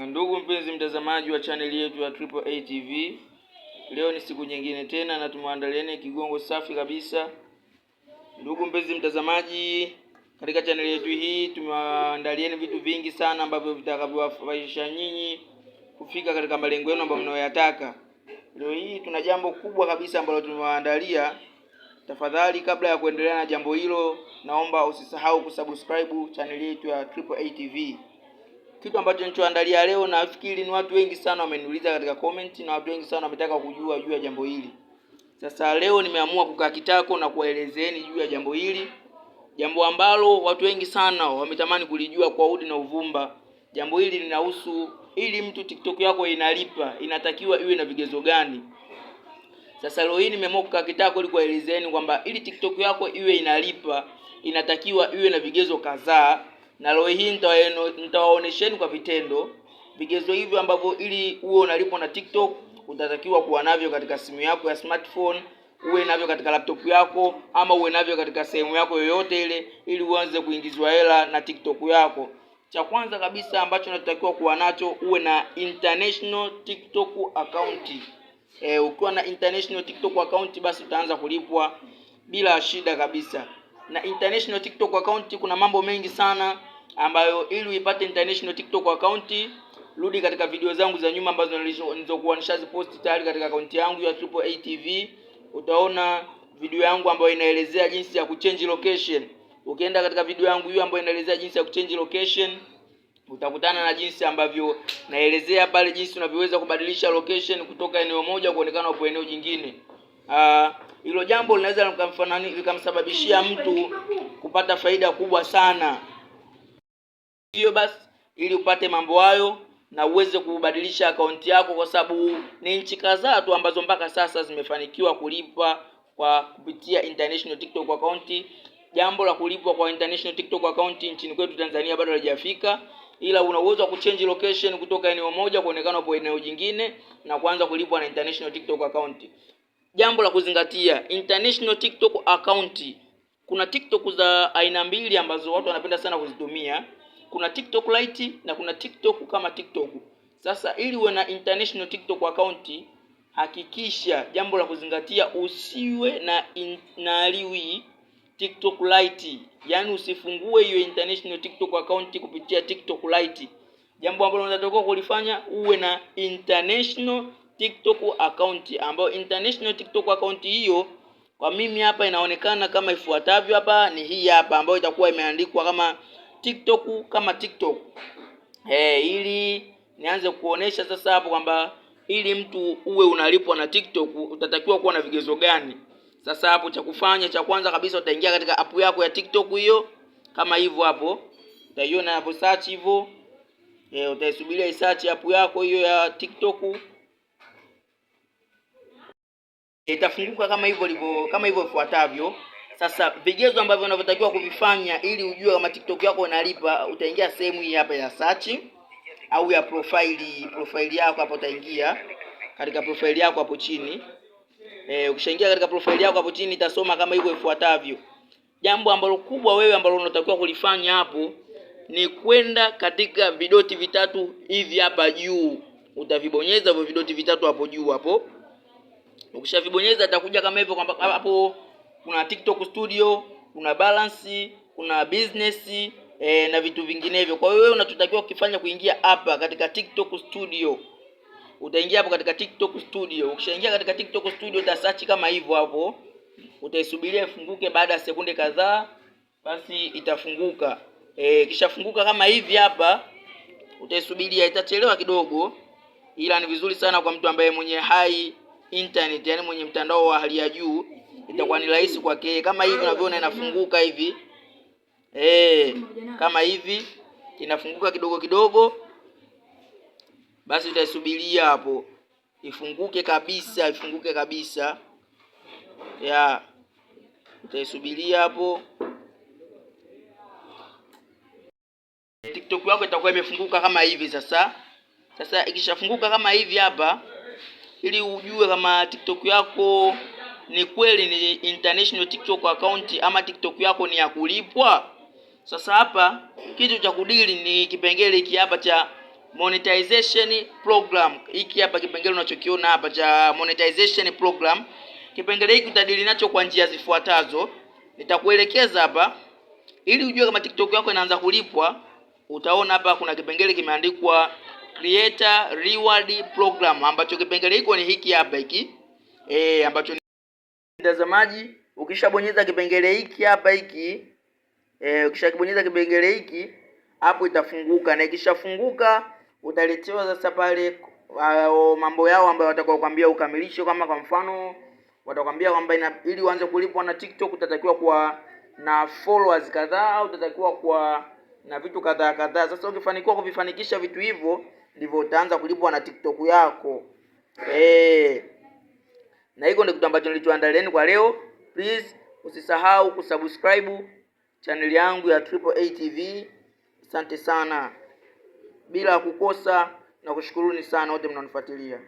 Ndugu mpenzi mtazamaji wa chaneli yetu ya Triple A TV, leo ni siku nyingine tena na tumeandalieni kigongo safi kabisa. Ndugu mpenzi mtazamaji, katika chaneli yetu hii tumeandalieni vitu vingi sana ambavyo vitakavyowafurahisha nyinyi kufika katika malengo yenu ambayo mnayoyataka. Leo hii tuna jambo kubwa kabisa ambalo tumewaandalia. Tafadhali, kabla ya kuendelea na jambo hilo, naomba usisahau kusubscribe chaneli yetu ya Triple A TV kitu ambacho nilichoandalia leo, nafikiri ni watu wengi sana wameniuliza katika comment, na watu wengi sana wametaka kujua juu ya jambo hili. Sasa leo nimeamua kukaa kitako na kuwaelezeeni juu ya jambo hili, jambo ambalo watu wengi sana wametamani kulijua kwa udi na uvumba. Jambo hili linahusu ili mtu TikTok yako inalipa, inatakiwa iwe na vigezo gani? Sasa leo hii nimeamua kukaa kitako ili kuwaelezeni kwamba ili TikTok yako iwe inalipa, inatakiwa iwe na vigezo kadhaa na leo hii nitawaonesheni kwa vitendo vigezo hivyo ambavyo ili uwe unalipwa na TikTok utatakiwa kuwa navyo katika simu yako ya smartphone, uwe navyo katika laptop yako, ama uwe navyo katika sehemu yako yoyote ile, ili uanze kuingizwa hela na TikTok yako. Cha kwanza kabisa ambacho unatakiwa kuwa nacho, uwe na international TikTok account. E, ukiwa na international TikTok account basi utaanza kulipwa bila shida kabisa na international TikTok account. Kuna mambo mengi sana ambayo, ili uipate international TikTok account, rudi katika video zangu za nyuma ambazo nilizokuwa nishaziposti tayari katika account yangu ya Triple A TV. Utaona video yangu ambayo inaelezea jinsi ya kuchange location. Ukienda katika video yangu hiyo ambayo inaelezea jinsi ya kuchange location utakutana na jinsi ambavyo naelezea pale, jinsi unavyoweza kubadilisha location kutoka eneo moja kuonekana kwa eneo jingine. Ah, hilo uh, jambo linaweza likamsababishia mtu kupata faida kubwa sana. Hiyo basi, ili upate mambo hayo na uweze kubadilisha akaunti yako, kwa sababu ni nchi kadhaa tu ambazo mpaka sasa zimefanikiwa kulipa kwa kupitia international TikTok account. Jambo la kulipwa kwa international TikTok account nchini kwetu Tanzania bado halijafika, ila una uwezo wa kuchange location kutoka eneo moja kuonekana kwa eneo jingine na kuanza kulipwa na international TikTok account jambo la kuzingatia, international TikTok account. Kuna TikTok za aina mbili ambazo watu wanapenda sana kuzitumia. Kuna TikTok Lite na kuna TikTok kama TikTok. Sasa ili uwe na international TikTok account, hakikisha jambo la kuzingatia, usiwe na in, TikTok Lite, yaani usifungue hiyo international TikTok account kupitia TikTok Lite. Jambo ambalo unatakiwa kulifanya uwe na international TikTok account ambayo international TikTok account hiyo kwa mimi hapa inaonekana kama ifuatavyo. Hapa ni hii hapa ambayo itakuwa imeandikwa kama TikTok kama TikTok. Eh, ili nianze kuonesha sasa hapo kwamba ili mtu uwe unalipwa na TikTok utatakiwa kuwa na vigezo gani? Sasa hapo cha kufanya cha kwanza kabisa utaingia katika app yako ya TikTok hiyo kama hivyo hapo. Utaiona hapo search hivyo. Eh, utaisubiria isearch app yako hiyo ya TikTok itafunguka e, kama hivyo ilivyo, kama hivyo ifuatavyo. Sasa vigezo ambavyo unavyotakiwa kuvifanya ili ujue kama TikTok yako inalipa, utaingia sehemu hii hapa ya search au ya profile. Profile yako hapo utaingia katika profile yako hapo chini. E, ukishaingia katika profile yako hapo chini itasoma kama hivyo ifuatavyo. Jambo ambalo kubwa wewe ambalo unatakiwa kulifanya hapo ni kwenda katika vidoti vitatu hivi hapa juu, utavibonyeza hivyo vidoti vitatu hapo juu hapo. Ukishavibonyeza itakuja kama hivyo kwamba hapo kuna TikTok studio, kuna balance, kuna business e, na vitu vinginevyo. Kwa hiyo wewe unachotakiwa kukifanya kuingia hapa katika TikTok studio. Utaingia hapo katika TikTok studio. Ukishaingia katika TikTok studio uta search kama hivyo hapo. Utaisubiria ifunguke baada ya sekunde kadhaa basi itafunguka. E, eh, kisha funguka kama hivi hapa utaisubiria, itachelewa kidogo, ila ni vizuri sana kwa mtu ambaye mwenye hai internet, yani mwenye mtandao wa hali ya juu, itakuwa ni rahisi kwake. Kama hivi unavyoona inafunguka hivi eh, kama hivi inafunguka kidogo kidogo, basi utaisubiria hapo ifunguke kabisa, ifunguke kabisa ya utaisubiria hapo. TikTok yako itakuwa imefunguka kama hivi sasa. Sasa ikishafunguka kama hivi hapa ili ujue kama TikTok yako ni kweli ni international TikTok account ama TikTok yako ni ya kulipwa. Sasa hapa kitu cha kudili ni kipengele hiki hapa cha monetization program. Hiki hapa kipengele unachokiona hapa cha monetization program. Kipengele hiki utadili nacho kwa njia zifuatazo. Nitakuelekeza hapa ili ujue kama TikTok yako inaanza kulipwa. Utaona hapa kuna kipengele kimeandikwa creator reward program, ambacho kipengele hiko ni hiki hapa hiki e, ambacho ni mtazamaji, ukishabonyeza kipengele hiki hapa hiki e, ukishakibonyeza kipengele hiki hapo itafunguka, na ikishafunguka utaletewa sasa pale uh, mambo yao ambayo watakwambia ukamilishe. Kama kwa mfano watakwambia kwamba ili uanze kulipwa na TikTok utatakiwa kuwa na followers kadhaa, utatakiwa kuwa na vitu kadhaa kadhaa. Sasa ukifanikiwa kuvifanikisha vitu hivyo ndivyo utaanza kulipwa na TikTok yako eh. Na hiko ndio kitu ambacho nilichoandalieni kwa leo. Please usisahau kusubscribe chaneli yangu ya Triple A TV. Asante sana, bila kukosa na kushukuruni sana wote mnanifuatilia.